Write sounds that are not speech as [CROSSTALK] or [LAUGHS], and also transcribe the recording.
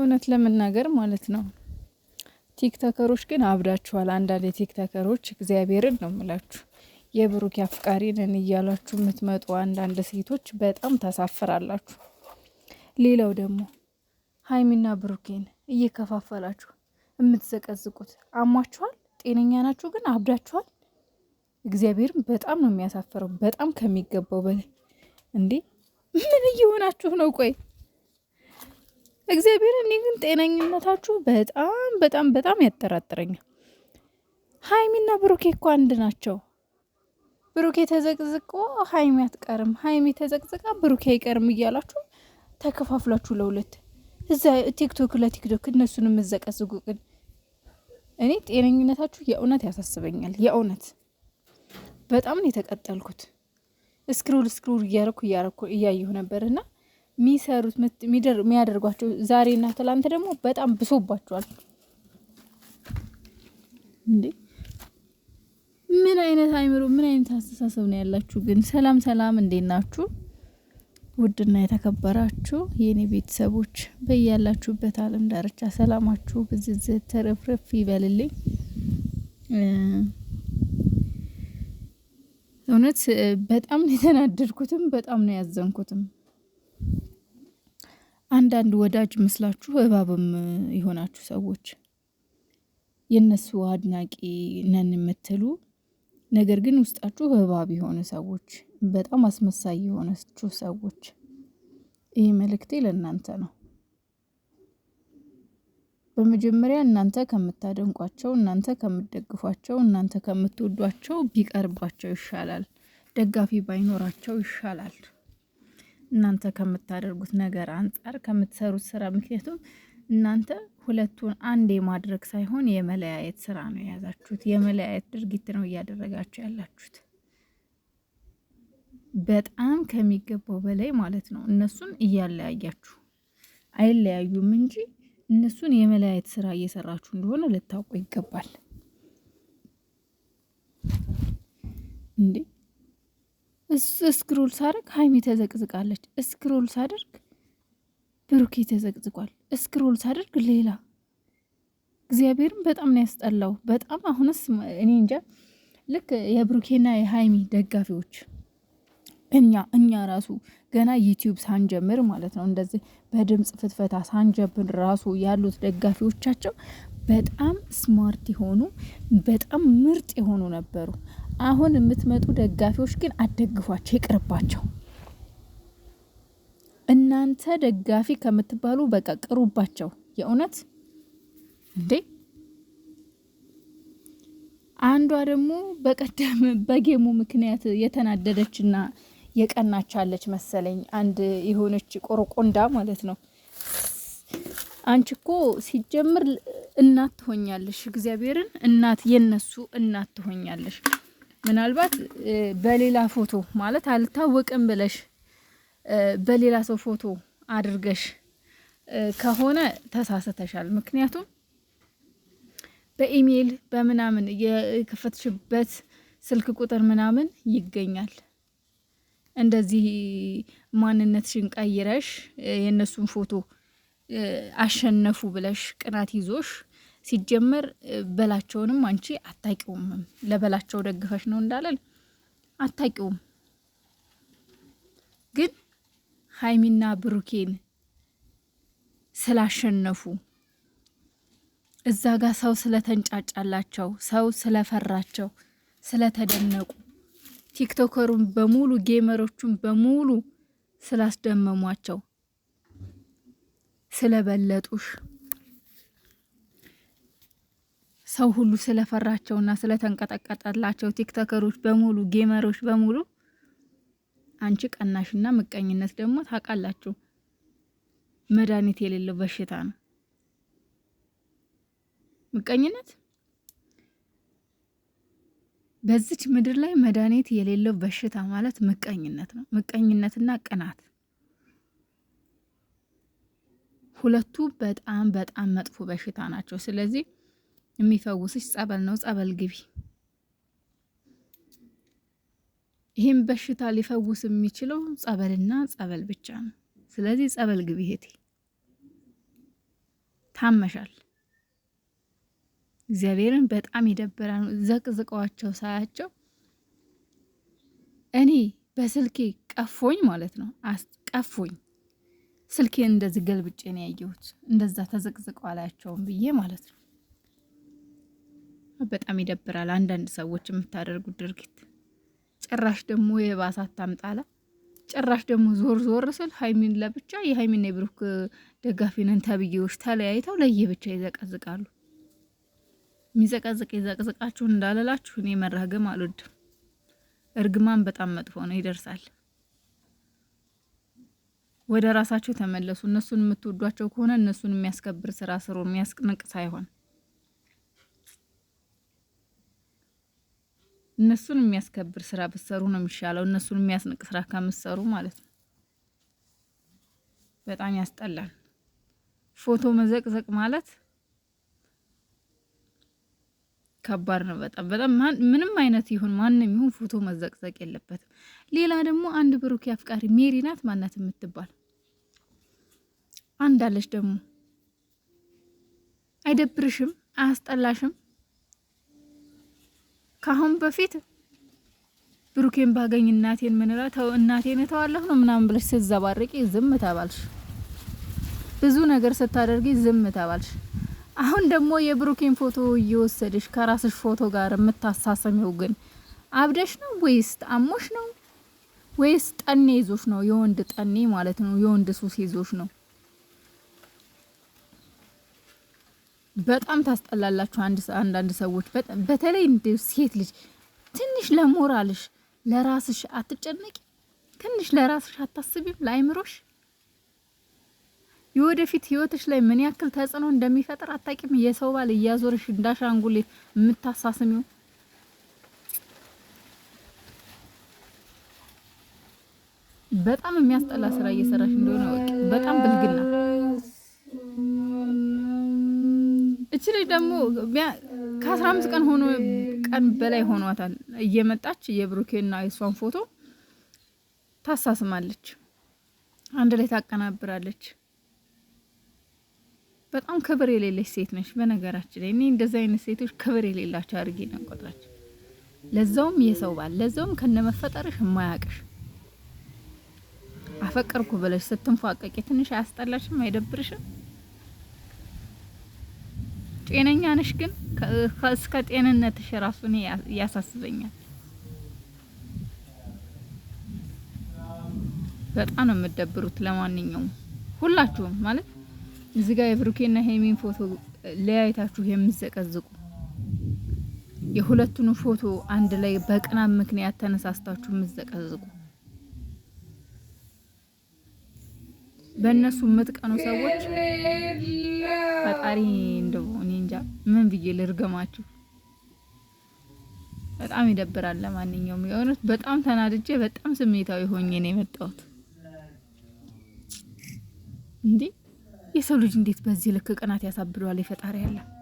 እውነት ለመናገር ማለት ነው። ቲክቶከሮች ግን አብዳችኋል። አንዳንድ የቲክቶከሮች እግዚአብሔርን ነው ምላችሁ የብሩክ አፍቃሪ ነን እያላችሁ የምትመጡ አንዳንድ ሴቶች በጣም ታሳፍራላችሁ። ሌላው ደግሞ ሀይሚና ብሩኬን እየከፋፈላችሁ የምትዘቀዝቁት አሟችኋል። ጤነኛ ናችሁ ግን አብዳችኋል። እግዚአብሔርን በጣም ነው የሚያሳፍረው፣ በጣም ከሚገባው በላይ እንዴ! ምን እየሆናችሁ ነው? ቆይ እግዚአብሔር እኔ ግን ጤነኝነታችሁ በጣም በጣም በጣም ያጠራጥረኛል። ሀይሚና ብሩኬ እኮ አንድ ናቸው። ብሩኬ ተዘቅዝቆ ሀይሚ አትቀርም፣ ሀይሚ ተዘቅዝቃ ብሩኬ አይቀርም እያላችሁ ተከፋፍላችሁ ለሁለት እዛ ቲክቶክ ለቲክቶክ እነሱን የምዘቀዝጉ ግን እኔ ጤነኝነታችሁ የእውነት ያሳስበኛል። የእውነት በጣም ነው የተቀጠልኩት። እስክሮል እስክሮል እያረኩ እያረኩ እያየሁ ነበር ነበርና የሚሰሩት የሚያደርጓቸው ዛሬ እና ትላንት ደግሞ በጣም ብሶባቸዋል። እንዴ ምን አይነት አይምሮ፣ ምን አይነት አስተሳሰብ ነው ያላችሁ? ግን ሰላም ሰላም፣ እንዴት ናችሁ? ውድና የተከበራችሁ የእኔ ቤተሰቦች በያላችሁበት ዓለም ዳርቻ ሰላማችሁ ብዝዝ ተረፍረፍ ይበልልኝ። እውነት በጣም ነው የተናደድኩትም፣ በጣም ነው ያዘንኩትም። አንዳንድ ወዳጅ መስላችሁ እባብም የሆናችሁ ሰዎች የእነሱ አድናቂ ነን የምትሉ ነገር ግን ውስጣችሁ እባብ የሆነ ሰዎች፣ በጣም አስመሳይ የሆነችሁ ሰዎች ይህ መልእክቴ ለእናንተ ነው። በመጀመሪያ እናንተ ከምታደንቋቸው፣ እናንተ ከምትደግፏቸው፣ እናንተ ከምትወዷቸው ቢቀርባቸው ይሻላል። ደጋፊ ባይኖራቸው ይሻላል። እናንተ ከምታደርጉት ነገር አንጻር ከምትሰሩት ስራ ምክንያቱም እናንተ ሁለቱን አንድ የማድረግ ሳይሆን የመለያየት ስራ ነው የያዛችሁት። የመለያየት ድርጊት ነው እያደረጋችሁ ያላችሁት በጣም ከሚገባው በላይ ማለት ነው። እነሱን እያለያያችሁ አይለያዩም እንጂ እነሱን የመለያየት ስራ እየሰራችሁ እንደሆነ ልታውቁ ይገባል እንዴ እስክሮል ሳደርግ ሀይሚ ተዘቅዝቃለች። እስክሮል ሳደርግ ብሩኬ ተዘቅዝቋል። እስክሮል ሳደርግ ሌላ እግዚአብሔርም በጣም ነው ያስጠላው። በጣም አሁንስ እኔ እንጃ ልክ የብሩኬና የሀይሚ ደጋፊዎች እኛ እኛ ራሱ ገና ዩቲዩብ ሳንጀምር ማለት ነው እንደዚህ በድምፅ ፍትፈታ ሳንጀምር ራሱ ያሉት ደጋፊዎቻቸው በጣም ስማርት የሆኑ በጣም ምርጥ የሆኑ ነበሩ። አሁን የምትመጡ ደጋፊዎች ግን አደግፏቸው ይቅርባቸው። እናንተ ደጋፊ ከምትባሉ በቃ ቅሩባቸው። የእውነት እንዴ! አንዷ ደግሞ በቀደም [LAUGHS] በጌሙ ምክንያት የተናደደችና የቀናቻለች መሰለኝ አንድ የሆነች ቆረቆንዳ ማለት ነው። አንቺ እኮ ሲጀምር እናት ትሆኛለሽ፣ እግዚአብሔርን እናት የነሱ እናት ትሆኛለሽ። ምናልባት በሌላ ፎቶ ማለት አልታወቅም ብለሽ በሌላ ሰው ፎቶ አድርገሽ ከሆነ ተሳስተሻል። ምክንያቱም በኢሜይል በምናምን የከፈትሽበት ስልክ ቁጥር ምናምን ይገኛል። እንደዚህ ማንነትሽን ቀይረሽ የእነሱን ፎቶ አሸነፉ ብለሽ ቅናት ይዞሽ ሲጀመር በላቸውንም አንቺ አታቂውም። ለበላቸው ደግፈሽ ነው እንዳለን አታቂውም። ግን ሀይሚና ብሩኬን ስላሸነፉ እዛ ጋር ሰው ስለተንጫጫላቸው፣ ሰው ስለፈራቸው፣ ስለተደነቁ ቲክቶከሩን በሙሉ ጌመሮቹን በሙሉ ስላስደመሟቸው ስለበለጡሽ ሰው ሁሉ ስለፈራቸውና ስለተንቀጠቀጠላቸው ቲክቶከሮች በሙሉ ጌመሮች በሙሉ አንቺ ቀናሽና ምቀኝነት ደግሞ ታውቃላችሁ መድኃኒት የሌለው በሽታ ነው። ምቀኝነት በዚች ምድር ላይ መድኃኒት የሌለው በሽታ ማለት ምቀኝነት ነው። ምቀኝነትና ቅናት ሁለቱ በጣም በጣም መጥፎ በሽታ ናቸው። ስለዚህ የሚፈውስሽ ጸበል ነው። ጸበል ግቢ። ይህም በሽታ ሊፈውስ የሚችለው ጸበልና ጸበል ብቻ ነው። ስለዚህ ጸበል ግቢ እህቴ። ታመሻል። እግዚአብሔርን በጣም ይደብራል። ዘቅዝቀዋቸው ሳያቸው እኔ በስልኬ ቀፎኝ ማለት ነው ቀፎኝ ስልኬን እንደዚህ ገልብጬ ነው ያየሁት። እንደዛ ተዘቅዝቀው አላያቸውም ብዬ ማለት ነው። በጣም ይደብራል። አንዳንድ ሰዎች የምታደርጉት ድርጊት ጭራሽ ደግሞ የባሰ አታምጣላ። ጭራሽ ደግሞ ዞር ዞር ስል ሀይሚን ለብቻ የሀይሚን የብሩክ ደጋፊ ነን ተብዬዎች ተለያይተው ለየብቻ ይዘቀዝቃሉ። የሚዘቀዝቅ ይዘቅዝቃችሁ እንዳለላችሁ እኔ መራገም አልወድም። እርግማን በጣም መጥፎ ነው፣ ይደርሳል። ወደ ራሳቸው ተመለሱ። እነሱን የምትወዷቸው ከሆነ እነሱን የሚያስከብር ስራ ስሩ፣ የሚያስቅንቅ ሳይሆን እነሱን የሚያስከብር ስራ ብትሰሩ ነው የሚሻለው። እነሱን የሚያስንቅ ስራ ከምትሰሩ ማለት ነው። በጣም ያስጠላል። ፎቶ መዘቅዘቅ ማለት ከባድ ነው። በጣም በጣም ምንም አይነት ይሁን ማንም ይሁን ፎቶ መዘቅዘቅ የለበትም። ሌላ ደግሞ አንድ ብሩክ አፍቃሪ ሜሪ ናት ማናት የምትባል አንዳለች ደግሞ አይደብርሽም? አያስጠላሽም? ከአሁን በፊት ብሩኬን ባገኝ እናቴን ምንላ ተው እናቴን እተዋለሁ ነው ምናምን ብለሽ ስትዘባርቂ ዝም ተባልሽ። ብዙ ነገር ስታደርጊ ዝም ተባልሽ። አሁን ደግሞ የብሩኬን ፎቶ እየወሰድሽ ከራስሽ ፎቶ ጋር የምታሳሰሚው ግን አብደሽ ነው ወይስ አሞሽ ነው ወይስ ጠኔ ይዞሽ ነው? የወንድ ጠኔ ማለት ነው። የወንድ ሱስ ይዞሽ ነው። በጣም ታስጠላላችሁ። አንዳንድ ሰዎች በተለይ እንደ ሴት ልጅ ትንሽ ለሞራልሽ ለራስሽ አትጨነቂ፣ ትንሽ ለራስሽ አታስቢም፣ ለአይምሮሽ የወደፊት ህይወትሽ ላይ ምን ያክል ተጽዕኖ እንደሚፈጥር አታቂም። የሰው ባል እያዞርሽ እንዳሻንጉሊት የምታሳስሚው በጣም የሚያስጠላ ስራ እየሰራሽ እንደሆነ በጣም ብልግና እቺ ልጅ ደግሞ ከአስራ አምስት ቀን ሆኖ ቀን በላይ ሆኗታል። እየመጣች የብሩኬና የእሷን ፎቶ ታሳስማለች፣ አንድ ላይ ታቀናብራለች። በጣም ክብር የሌለች ሴት ነች። በነገራችን ላይ እኔ እንደዚ አይነት ሴቶች ክብር የሌላቸው አድርጌ ነው ቆጥራች። ለዛውም የሰው ባል ለዛውም ከነመፈጠርሽ የማያቅሽ አፈቀርኩ ብለሽ ስትንፏቀቂ ትንሽ አያስጠላሽም? አይደብርሽም? ጤነኛ ነሽ ግን እስከ ጤንነትሽ ራሱ እኔ ያሳስበኛል። በጣም ነው የምደብሩት ለማንኛውም ሁላችሁም ማለት እዚህ ጋር የብሩኬና ሄሚን ፎቶ ለያይታችሁ የምዘቀዝቁ የሁለቱን ፎቶ አንድ ላይ በቅናት ምክንያት ተነሳስታችሁ የምዘቀዝቁ በእነሱ የምትቀኑ ሰዎች ፈጣሪ እንደው ምን ብዬ ልርገማችሁ? በጣም ይደብራል። ለማንኛውም የሆነት በጣም ተናድጄ በጣም ስሜታዊ ሆኜ ነው የመጣሁት። እንዴ የሰው ልጅ እንዴት በዚህ ልክ ቅናት ያሳብለዋል? የፈጣሪ ያለ